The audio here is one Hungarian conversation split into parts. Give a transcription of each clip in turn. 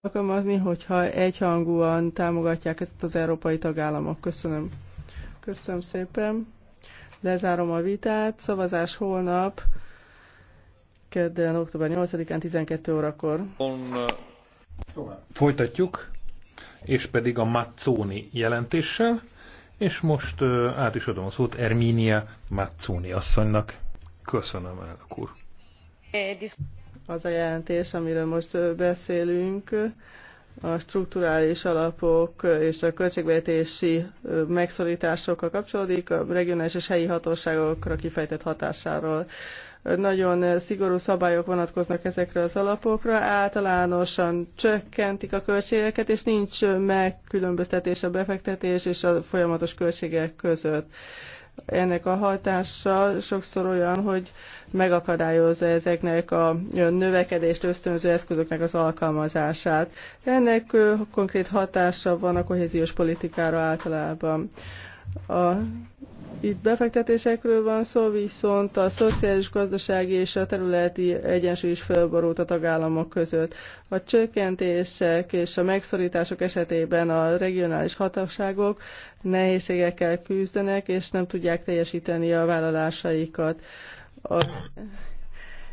alkalmazni, hogyha egyhangúan támogatják ezt az európai tagállamok. Köszönöm. Köszönöm szépen. Lezárom a vitát. Szavazás holnap, kedden, október 8-án 12 órakor. Folytatjuk, és pedig a Mazzoni jelentéssel, és most át is adom a szót Erminia Mazzoni asszonynak. Köszönöm, elnök úr az a jelentés, amiről most beszélünk, a strukturális alapok és a költségvetési megszorításokkal kapcsolódik, a regionális és helyi hatóságokra kifejtett hatásáról. Nagyon szigorú szabályok vonatkoznak ezekre az alapokra, általánosan csökkentik a költségeket, és nincs megkülönböztetés a befektetés és a folyamatos költségek között ennek a hatása sokszor olyan, hogy megakadályozza ezeknek a növekedést ösztönző eszközöknek az alkalmazását. Ennek konkrét hatása van a kohéziós politikára általában. A, itt befektetésekről van szó, viszont a szociális, gazdasági és a területi egyensúly is felborult a tagállamok között. A csökkentések és a megszorítások esetében a regionális hatóságok nehézségekkel küzdenek, és nem tudják teljesíteni a vállalásaikat. A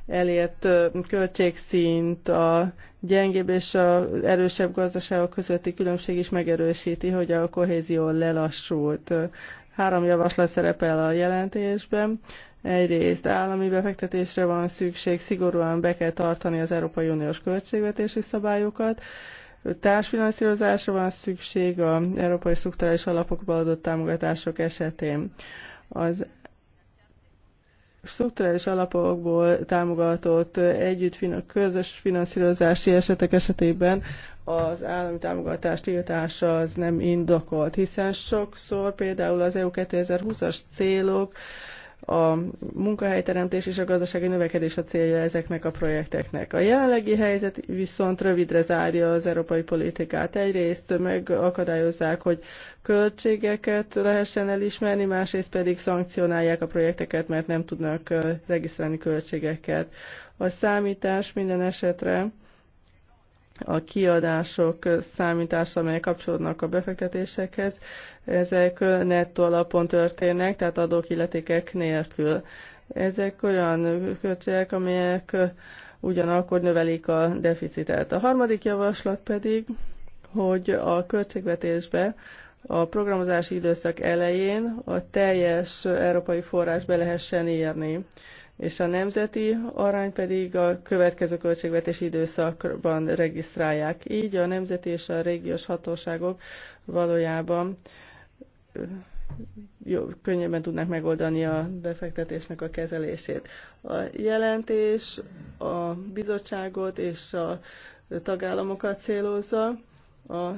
elért költségszint, a gyengébb és az erősebb gazdaságok közötti különbség is megerősíti, hogy a kohézió lelassult. Három javaslat szerepel a jelentésben. Egyrészt állami befektetésre van szükség, szigorúan be kell tartani az Európai Uniós költségvetési szabályokat, társfinanszírozásra van szükség az Európai Strukturális Alapokba adott támogatások esetén. Az strukturális alapokból támogatott együtt közös finanszírozási esetek esetében az állami támogatás tiltása az nem indokolt, hiszen sokszor például az EU 2020-as célok a munkahelyteremtés és a gazdasági növekedés a célja ezeknek a projekteknek. A jelenlegi helyzet viszont rövidre zárja az európai politikát. Egyrészt megakadályozzák, hogy költségeket lehessen elismerni, másrészt pedig szankcionálják a projekteket, mert nem tudnak regisztrálni költségeket. A számítás minden esetre a kiadások számítása, amelyek kapcsolódnak a befektetésekhez, ezek nettó alapon történnek, tehát adók illetékek nélkül. Ezek olyan költségek, amelyek ugyanakkor növelik a deficitet. A harmadik javaslat pedig, hogy a költségvetésbe a programozási időszak elején a teljes európai forrás be lehessen érni és a nemzeti arány pedig a következő költségvetési időszakban regisztrálják. Így a nemzeti és a régiós hatóságok valójában jó, könnyebben tudnak megoldani a befektetésnek a kezelését. A jelentés a bizottságot és a tagállamokat célozza, a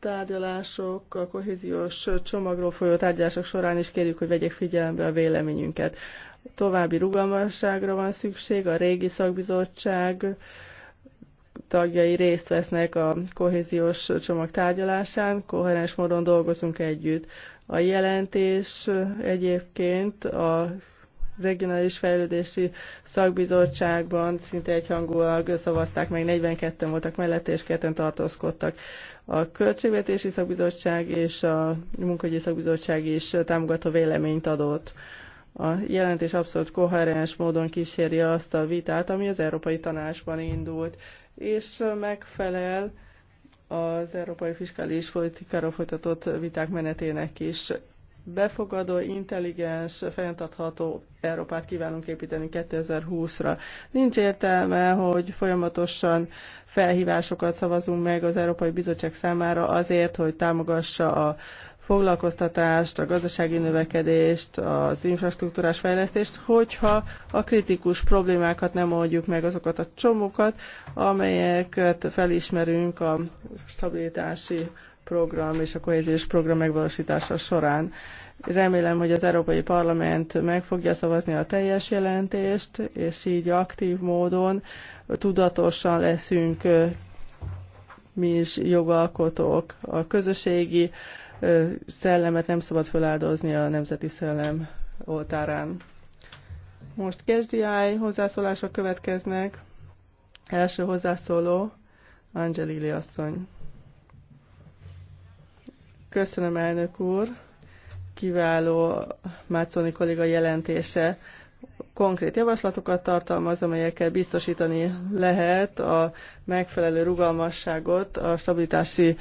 tárgyalások, a kohéziós csomagról folyó tárgyalások során is kérjük, hogy vegyék figyelembe a véleményünket. További rugalmasságra van szükség, a régi szakbizottság tagjai részt vesznek a kohéziós csomag tárgyalásán, koherens módon dolgozunk együtt. A jelentés egyébként a regionális fejlődési szakbizottságban szinte egyhangúak szavazták meg, 42 voltak mellette, és ketten tartózkodtak. A Költségvetési Szakbizottság és a Munkahogyi Szakbizottság is támogató véleményt adott. A jelentés abszolút koherens módon kíséri azt a vitát, ami az Európai Tanácsban indult, és megfelel az európai fiskális politikáról folytatott viták menetének is befogadó, intelligens, fenntartható Európát kívánunk építeni 2020-ra. Nincs értelme, hogy folyamatosan felhívásokat szavazunk meg az Európai Bizottság számára azért, hogy támogassa a foglalkoztatást, a gazdasági növekedést, az infrastruktúrás fejlesztést, hogyha a kritikus problémákat nem oldjuk meg, azokat a csomókat, amelyeket felismerünk a stabilitási program és a kohéziós program megvalósítása során. Remélem, hogy az Európai Parlament meg fogja szavazni a teljes jelentést, és így aktív módon tudatosan leszünk mi is jogalkotók. A közösségi szellemet nem szabad feláldozni a nemzeti szellem oltárán. Most kezdjáj, hozzászólások következnek. Első hozzászóló Angelili asszony. Köszönöm, elnök úr. Kiváló Máconi kolléga jelentése konkrét javaslatokat tartalmaz, amelyekkel biztosítani lehet a megfelelő rugalmasságot a stabilitási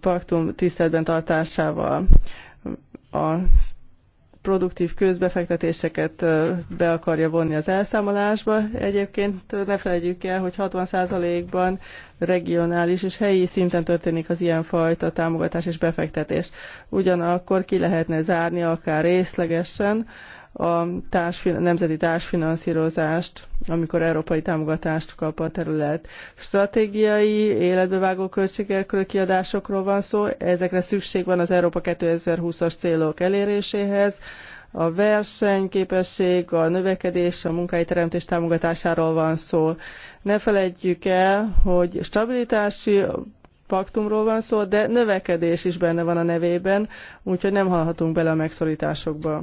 paktum tiszteletben tartásával. A produktív közbefektetéseket be akarja vonni az elszámolásba. Egyébként ne felejtjük el, hogy 60%-ban regionális és helyi szinten történik az ilyenfajta támogatás és befektetés. Ugyanakkor ki lehetne zárni akár részlegesen, a társfin- nemzeti társfinanszírozást, amikor európai támogatást kap a terület. Stratégiai, életbevágó költségekről, kiadásokról van szó, ezekre szükség van az Európa 2020-as célok eléréséhez, a versenyképesség, a növekedés, a teremtés támogatásáról van szó. Ne felejtjük el, hogy stabilitási paktumról van szó, de növekedés is benne van a nevében, úgyhogy nem hallhatunk bele a megszorításokba.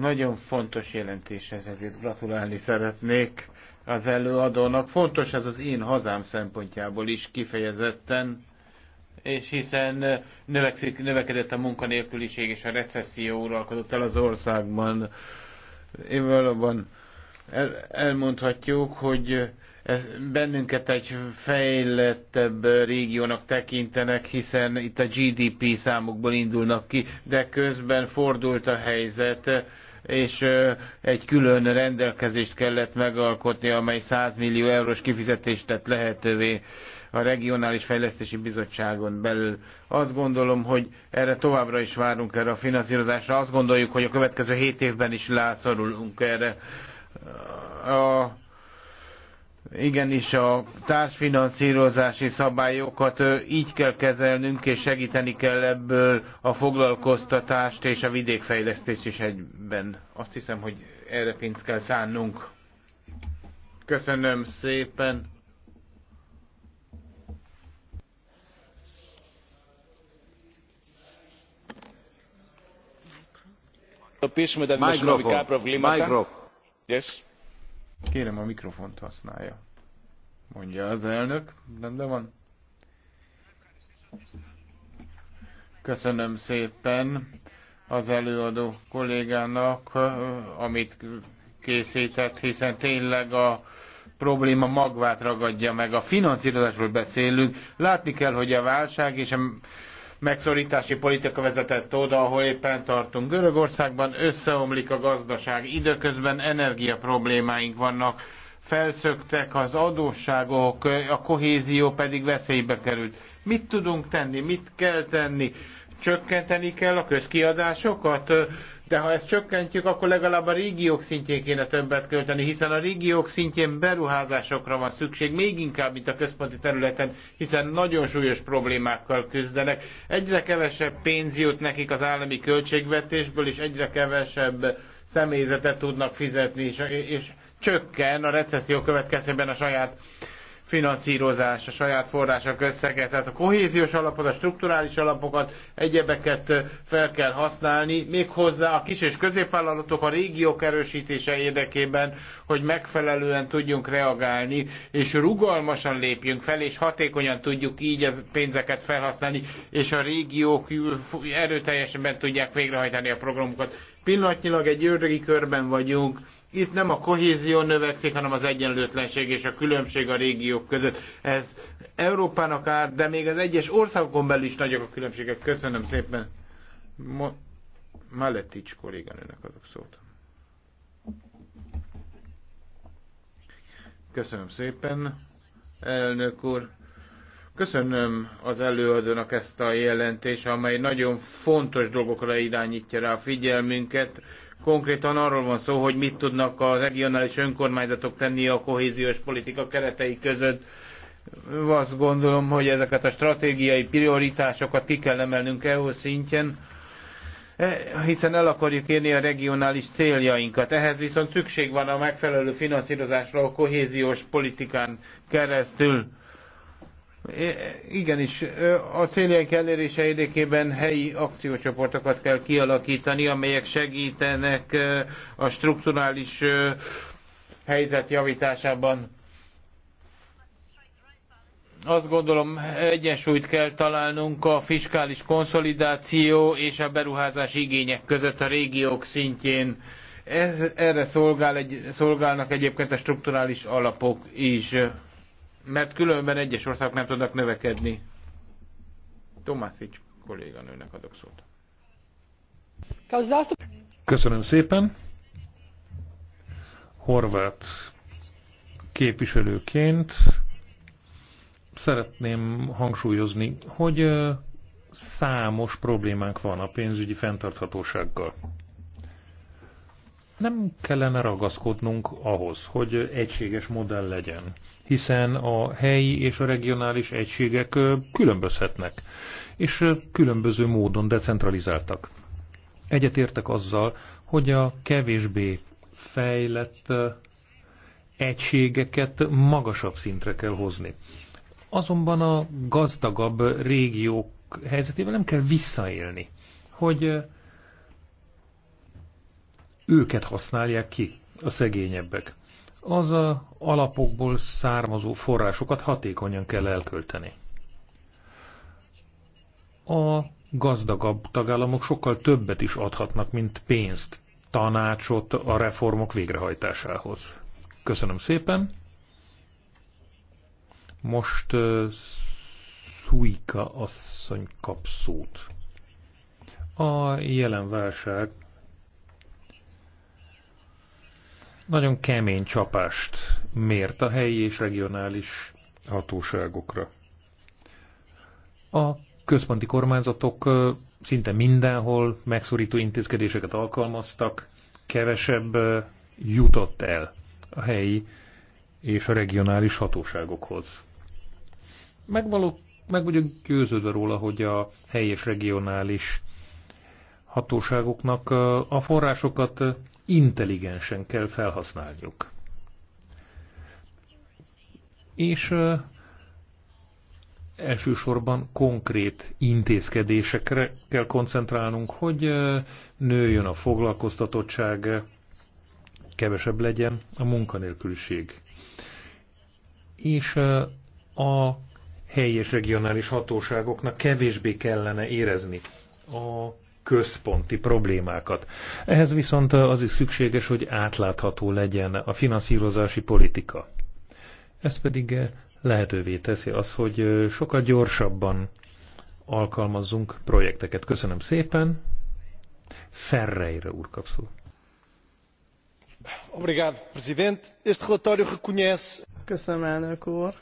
Nagyon fontos jelentés ez, ezért gratulálni szeretnék az előadónak. Fontos ez az én hazám szempontjából is kifejezetten, és hiszen növekszik, növekedett a munkanélküliség és a recesszió uralkodott el az országban. Én valóban el, elmondhatjuk, hogy ez, bennünket egy fejlettebb régiónak tekintenek, hiszen itt a GDP számokból indulnak ki, de közben fordult a helyzet, és egy külön rendelkezést kellett megalkotni, amely 100 millió eurós kifizetést tett lehetővé a Regionális Fejlesztési Bizottságon belül. Azt gondolom, hogy erre továbbra is várunk erre a finanszírozásra. Azt gondoljuk, hogy a következő hét évben is rászorulunk erre a igenis a társfinanszírozási szabályokat így kell kezelnünk, és segíteni kell ebből a foglalkoztatást és a vidékfejlesztést is egyben. Azt hiszem, hogy erre pénzt kell szánnunk. Köszönöm szépen. Mikrofon. Mikrofon. Yes. Kérem a mikrofont használja. Mondja az elnök. Rendben van. Köszönöm szépen az előadó kollégának, amit készített, hiszen tényleg a probléma magvát ragadja meg. A finanszírozásról beszélünk. Látni kell, hogy a válság és a megszorítási politika vezetett oda, ahol éppen tartunk. Görögországban összeomlik a gazdaság, időközben energia problémáink vannak, felszöktek az adósságok, a kohézió pedig veszélybe került. Mit tudunk tenni, mit kell tenni? csökkenteni kell a közkiadásokat, de ha ezt csökkentjük, akkor legalább a régiók szintjén kéne többet költeni, hiszen a régiók szintjén beruházásokra van szükség, még inkább, mint a központi területen, hiszen nagyon súlyos problémákkal küzdenek. Egyre kevesebb pénz jut nekik az állami költségvetésből, és egyre kevesebb személyzetet tudnak fizetni, és, és csökken a recesszió következtében a saját finanszírozás, a saját források összeget, tehát a kohéziós alapot, a strukturális alapokat, egyebeket fel kell használni, méghozzá a kis és középvállalatok a régiók erősítése érdekében, hogy megfelelően tudjunk reagálni, és rugalmasan lépjünk fel, és hatékonyan tudjuk így a pénzeket felhasználni, és a régiók erőteljesen tudják végrehajtani a programokat. Pillanatnyilag egy ördögi körben vagyunk, itt nem a kohézió növekszik, hanem az egyenlőtlenség és a különbség a régiók között. Ez Európának árt, de még az egyes országokon belül is nagyok a különbségek. Köszönöm szépen. Mo- Maletics kolléganőnek adok szót. Köszönöm szépen, elnök úr. Köszönöm az előadónak ezt a jelentést, amely nagyon fontos dolgokra irányítja rá a figyelmünket. Konkrétan arról van szó, hogy mit tudnak a regionális önkormányzatok tenni a kohéziós politika keretei között. Azt gondolom, hogy ezeket a stratégiai prioritásokat ki kell emelnünk EU szintjen, e, hiszen el akarjuk érni a regionális céljainkat. Ehhez viszont szükség van a megfelelő finanszírozásra a kohéziós politikán keresztül Igenis, a céljaink elérése érdekében helyi akciócsoportokat kell kialakítani, amelyek segítenek a strukturális helyzet javításában. Azt gondolom, egyensúlyt kell találnunk a fiskális konszolidáció és a beruházás igények között a régiók szintjén. Ez, erre szolgál egy, szolgálnak egyébként a strukturális alapok is mert különben egyes országok nem tudnak növekedni. Tomásics kolléganőnek adok szót. Köszönöm szépen. Horvát képviselőként szeretném hangsúlyozni, hogy számos problémánk van a pénzügyi fenntarthatósággal nem kellene ragaszkodnunk ahhoz, hogy egységes modell legyen, hiszen a helyi és a regionális egységek különbözhetnek, és különböző módon decentralizáltak. Egyetértek azzal, hogy a kevésbé fejlett egységeket magasabb szintre kell hozni. Azonban a gazdagabb régiók helyzetében nem kell visszaélni, hogy őket használják ki, a szegényebbek. Az a alapokból származó forrásokat hatékonyan kell elkölteni. A gazdagabb tagállamok sokkal többet is adhatnak, mint pénzt, tanácsot a reformok végrehajtásához. Köszönöm szépen. Most uh, Szújka asszony kap szót. A jelen válság nagyon kemény csapást mért a helyi és regionális hatóságokra. A központi kormányzatok szinte mindenhol megszorító intézkedéseket alkalmaztak, kevesebb jutott el a helyi és a regionális hatóságokhoz. Megvaló, meg vagyok győződve róla, hogy a helyi és regionális hatóságoknak a forrásokat intelligensen kell felhasználniuk. És elsősorban konkrét intézkedésekre kell koncentrálnunk, hogy nőjön a foglalkoztatottság, kevesebb legyen a munkanélküliség. És a helyi és regionális hatóságoknak kevésbé kellene érezni a központi problémákat. Ehhez viszont az is szükséges, hogy átlátható legyen a finanszírozási politika. Ez pedig lehetővé teszi az, hogy sokkal gyorsabban alkalmazzunk projekteket. Köszönöm szépen. Ferreira úr kapszó. Obrigado, Presidente. Este relatório reconhece... Köszönöm, elnök úr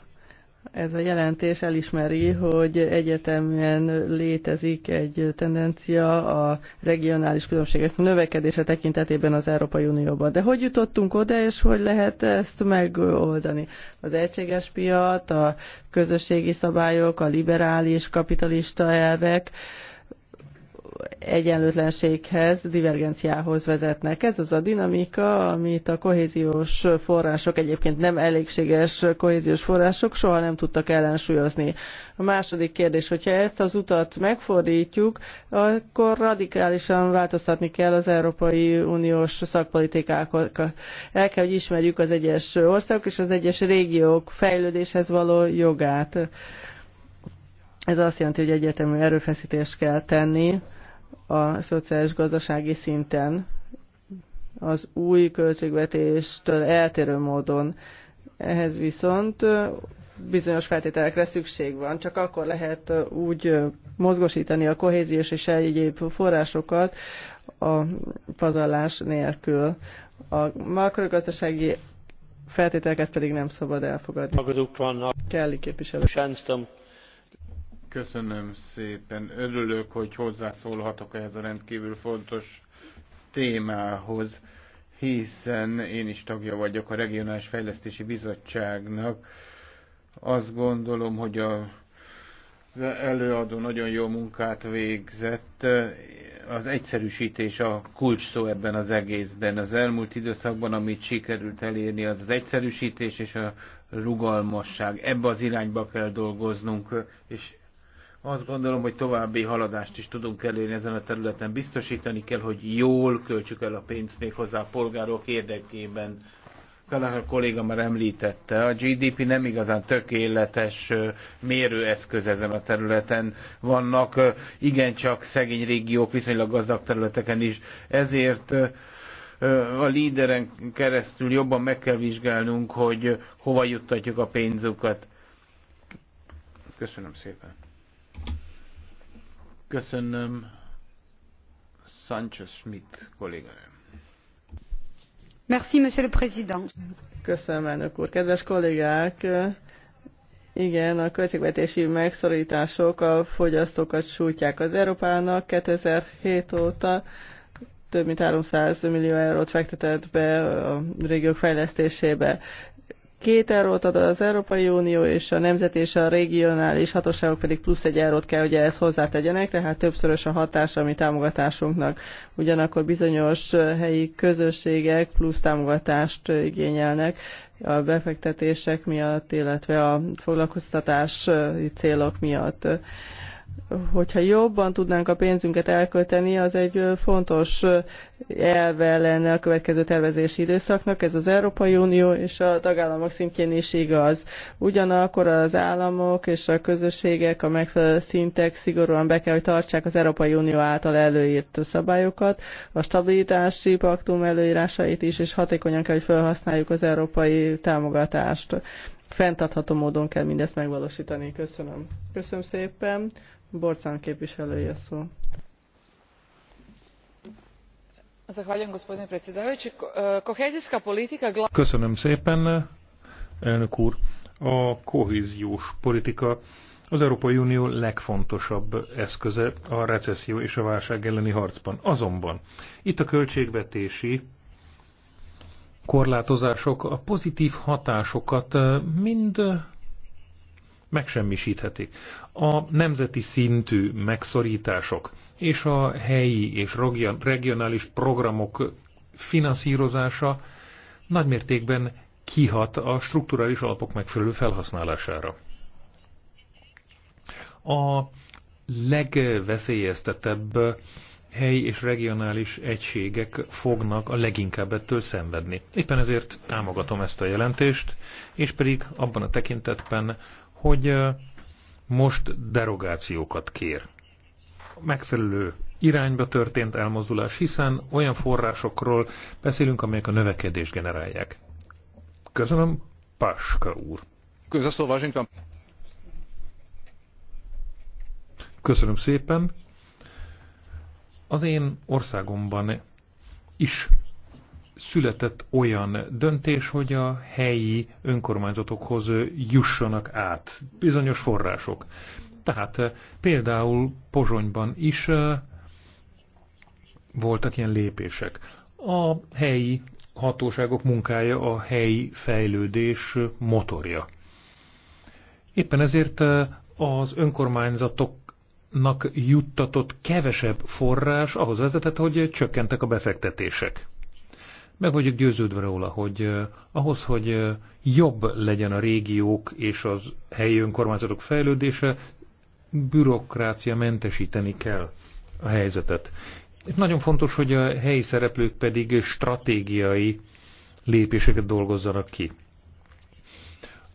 ez a jelentés elismeri, hogy egyértelműen létezik egy tendencia a regionális különbségek növekedése tekintetében az Európai Unióban. De hogy jutottunk oda, és hogy lehet ezt megoldani? Az egységes piac, a közösségi szabályok, a liberális, kapitalista elvek, egyenlőtlenséghez, divergenciához vezetnek. Ez az a dinamika, amit a kohéziós források, egyébként nem elégséges kohéziós források soha nem tudtak ellensúlyozni. A második kérdés, hogyha ezt az utat megfordítjuk, akkor radikálisan változtatni kell az Európai Uniós szakpolitikákat. El kell, hogy ismerjük az egyes országok és az egyes régiók fejlődéshez való jogát. Ez azt jelenti, hogy egyetemű erőfeszítést kell tenni a szociális gazdasági szinten az új költségvetéstől eltérő módon. Ehhez viszont bizonyos feltételekre szükség van, csak akkor lehet úgy mozgosítani a kohéziós és egyéb forrásokat a pazarlás nélkül. A makrogazdasági feltételeket pedig nem szabad elfogadni. Kelly képviselő. Köszönöm szépen. Örülök, hogy hozzászólhatok ehhez a rendkívül fontos témához, hiszen én is tagja vagyok a Regionális Fejlesztési Bizottságnak. Azt gondolom, hogy a az előadó nagyon jó munkát végzett. Az egyszerűsítés a kulcs szó ebben az egészben. Az elmúlt időszakban, amit sikerült elérni, az az egyszerűsítés és a rugalmasság. Ebbe az irányba kell dolgoznunk, és azt gondolom, hogy további haladást is tudunk elérni ezen a területen. Biztosítani kell, hogy jól költsük el a pénzt még hozzá a polgárok érdekében. Talán a kolléga már említette, a GDP nem igazán tökéletes mérőeszköz ezen a területen. Vannak igencsak szegény régiók, viszonylag gazdag területeken is. Ezért a líderen keresztül jobban meg kell vizsgálnunk, hogy hova juttatjuk a pénzüket. Köszönöm szépen. Köszönöm Sancho Schmidt kolléganőm. Merci, Monsieur le Président. Köszönöm, elnök úr. Kedves kollégák, igen, a költségvetési megszorítások a fogyasztókat sújtják az Európának. 2007 óta több mint 300 millió eurót fektetett be a régiók fejlesztésébe. Két eurót ad az Európai Unió, és a nemzet és a regionális hatóságok pedig plusz egy eurót kell, hogy ezt hozzátegyenek, tehát többszörös a hatás a mi támogatásunknak. Ugyanakkor bizonyos helyi közösségek plusz támogatást igényelnek a befektetések miatt, illetve a foglalkoztatási célok miatt hogyha jobban tudnánk a pénzünket elkölteni, az egy fontos elve lenne a következő tervezési időszaknak. Ez az Európai Unió és a tagállamok szintjén is igaz. Ugyanakkor az államok és a közösségek a megfelelő szintek szigorúan be kell, hogy tartsák az Európai Unió által előírt szabályokat, a stabilitási paktum előírásait is, és hatékonyan kell, hogy felhasználjuk az európai támogatást. Fenntartható módon kell mindezt megvalósítani. Köszönöm. Köszönöm szépen. Borcán képviselője szó. E, Köszönöm szépen, elnök úr. A kohéziós politika az Európai Unió legfontosabb eszköze a recesszió és a válság elleni harcban. Azonban itt a költségvetési korlátozások a pozitív hatásokat mind megsemmisíthetik. A nemzeti szintű megszorítások és a helyi és regionális programok finanszírozása nagymértékben kihat a strukturális alapok megfelelő felhasználására. A legveszélyeztetebb helyi és regionális egységek fognak a leginkább ettől szenvedni. Éppen ezért támogatom ezt a jelentést, és pedig abban a tekintetben, hogy most derogációkat kér. Megfelelő irányba történt elmozdulás, hiszen olyan forrásokról beszélünk, amelyek a növekedést generálják. Köszönöm, Páska úr. Köszönöm szóval szépen. Az én országomban is született olyan döntés, hogy a helyi önkormányzatokhoz jussanak át bizonyos források. Tehát eh, például Pozsonyban is eh, voltak ilyen lépések. A helyi hatóságok munkája a helyi fejlődés motorja. Éppen ezért eh, az önkormányzatoknak juttatott kevesebb forrás ahhoz vezetett, hogy csökkentek a befektetések. Meg vagyok győződve róla, hogy ahhoz, hogy jobb legyen a régiók és az helyi önkormányzatok fejlődése, bürokrácia mentesíteni kell a helyzetet. Itt nagyon fontos, hogy a helyi szereplők pedig stratégiai lépéseket dolgozzanak ki.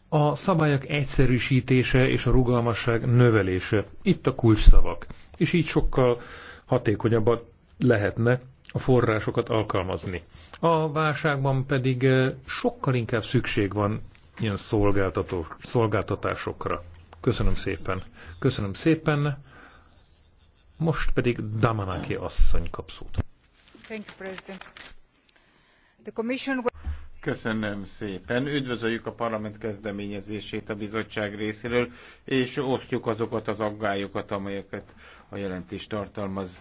A szabályok egyszerűsítése és a rugalmasság növelése. Itt a kulcsszavak. És így sokkal hatékonyabban lehetne a forrásokat alkalmazni. A válságban pedig sokkal inkább szükség van ilyen szolgáltató, szolgáltatásokra. Köszönöm szépen. Köszönöm szépen. Most pedig Damanaki asszony kap szót. Köszönöm szépen. Üdvözöljük a parlament kezdeményezését a bizottság részéről, és osztjuk azokat az aggályokat, amelyeket a jelentés tartalmaz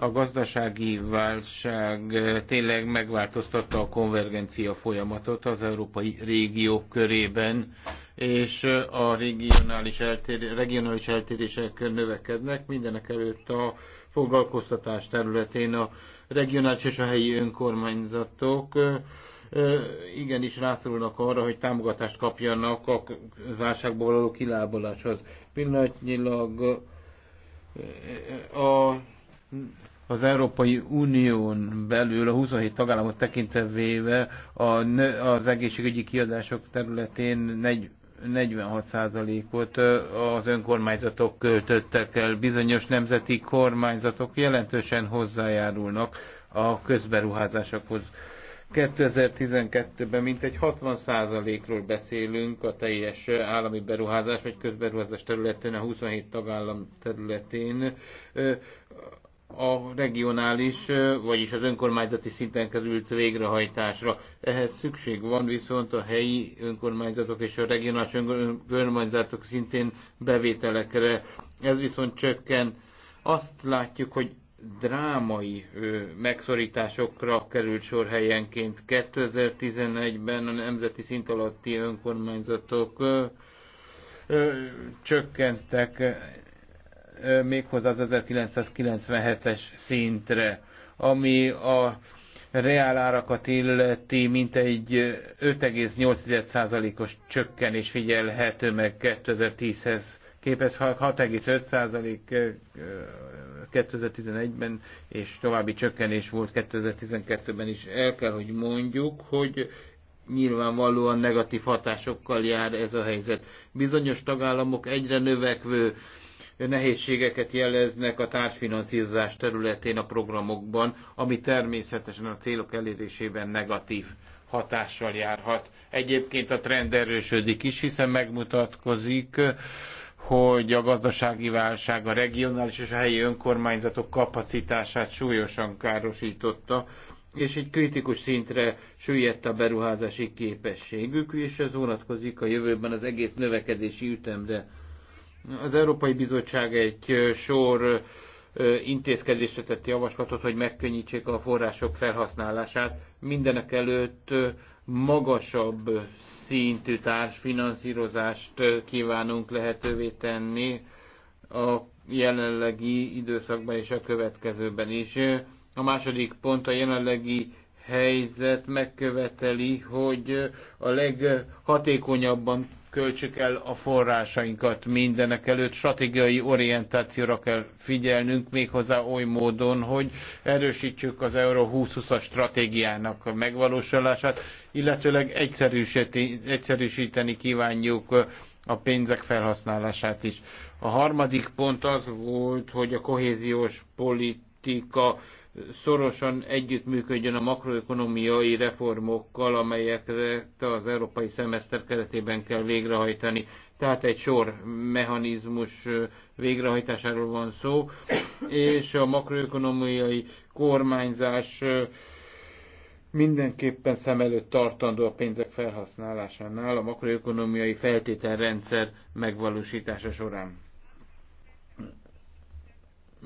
a gazdasági válság tényleg megváltoztatta a konvergencia folyamatot az európai régiók körében, és a regionális, eltér, regionális eltérések növekednek, mindenek előtt a foglalkoztatás területén a regionális és a helyi önkormányzatok igenis rászorulnak arra, hogy támogatást kapjanak a válságból való kilábaláshoz. Pillanatnyilag a az Európai Unión belül a 27 tagállamot tekintve véve a, az egészségügyi kiadások területén 46%-ot az önkormányzatok költöttek el. Bizonyos nemzeti kormányzatok jelentősen hozzájárulnak a közberuházásokhoz. 2012-ben mintegy 60%-ról beszélünk a teljes állami beruházás vagy közberuházás területén, a 27 tagállam területén a regionális, vagyis az önkormányzati szinten került végrehajtásra. Ehhez szükség van viszont a helyi önkormányzatok és a regionális önkormányzatok szintén bevételekre. Ez viszont csökken. Azt látjuk, hogy drámai megszorításokra került sor helyenként. 2011-ben a nemzeti szint alatti önkormányzatok csökkentek méghozzá az 1997-es szintre, ami a reálárakat illeti mintegy 5,8%-os csökkenés figyelhető meg 2010-hez képes 6,5% 2011-ben, és további csökkenés volt 2012-ben is. El kell, hogy mondjuk, hogy nyilvánvalóan negatív hatásokkal jár ez a helyzet. Bizonyos tagállamok egyre növekvő nehézségeket jeleznek a társfinanszírozás területén a programokban, ami természetesen a célok elérésében negatív hatással járhat. Egyébként a trend erősödik is, hiszen megmutatkozik, hogy a gazdasági válság a regionális és a helyi önkormányzatok kapacitását súlyosan károsította, és egy kritikus szintre süllyedt a beruházási képességük, és ez vonatkozik a jövőben az egész növekedési ütemre. Az Európai Bizottság egy sor intézkedésre tett javaslatot, hogy megkönnyítsék a források felhasználását. Mindenek előtt magasabb szintű társfinanszírozást kívánunk lehetővé tenni a jelenlegi időszakban és a következőben is. A második pont a jelenlegi helyzet megköveteli, hogy a leghatékonyabban költsük el a forrásainkat mindenek előtt. Stratégiai orientációra kell figyelnünk, méghozzá oly módon, hogy erősítsük az Euró 2020-as stratégiának a megvalósulását, illetőleg egyszerűsíteni kívánjuk a pénzek felhasználását is. A harmadik pont az volt, hogy a kohéziós politika szorosan együttműködjön a makroekonomiai reformokkal, amelyekre az európai szemeszter keretében kell végrehajtani. Tehát egy sor mechanizmus végrehajtásáról van szó, és a makroekonomiai kormányzás mindenképpen szem előtt tartandó a pénzek felhasználásánál a makroekonomiai feltételrendszer megvalósítása során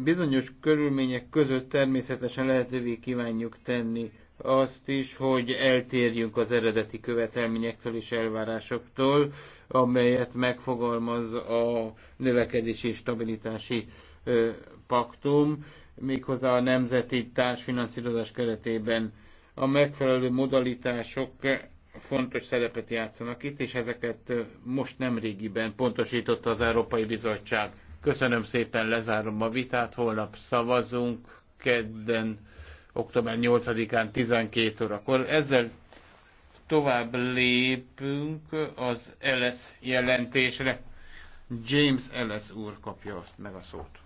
bizonyos körülmények között természetesen lehetővé kívánjuk tenni azt is, hogy eltérjünk az eredeti követelményektől és elvárásoktól, amelyet megfogalmaz a növekedési és stabilitási ö, paktum, méghozzá a nemzeti társfinanszírozás keretében a megfelelő modalitások fontos szerepet játszanak itt, és ezeket most nem régiben pontosította az Európai Bizottság. Köszönöm szépen, lezárom a vitát, holnap szavazunk, kedden, október 8-án 12 órakor. Ezzel tovább lépünk az LS jelentésre. James Ellis úr kapja azt meg a szót.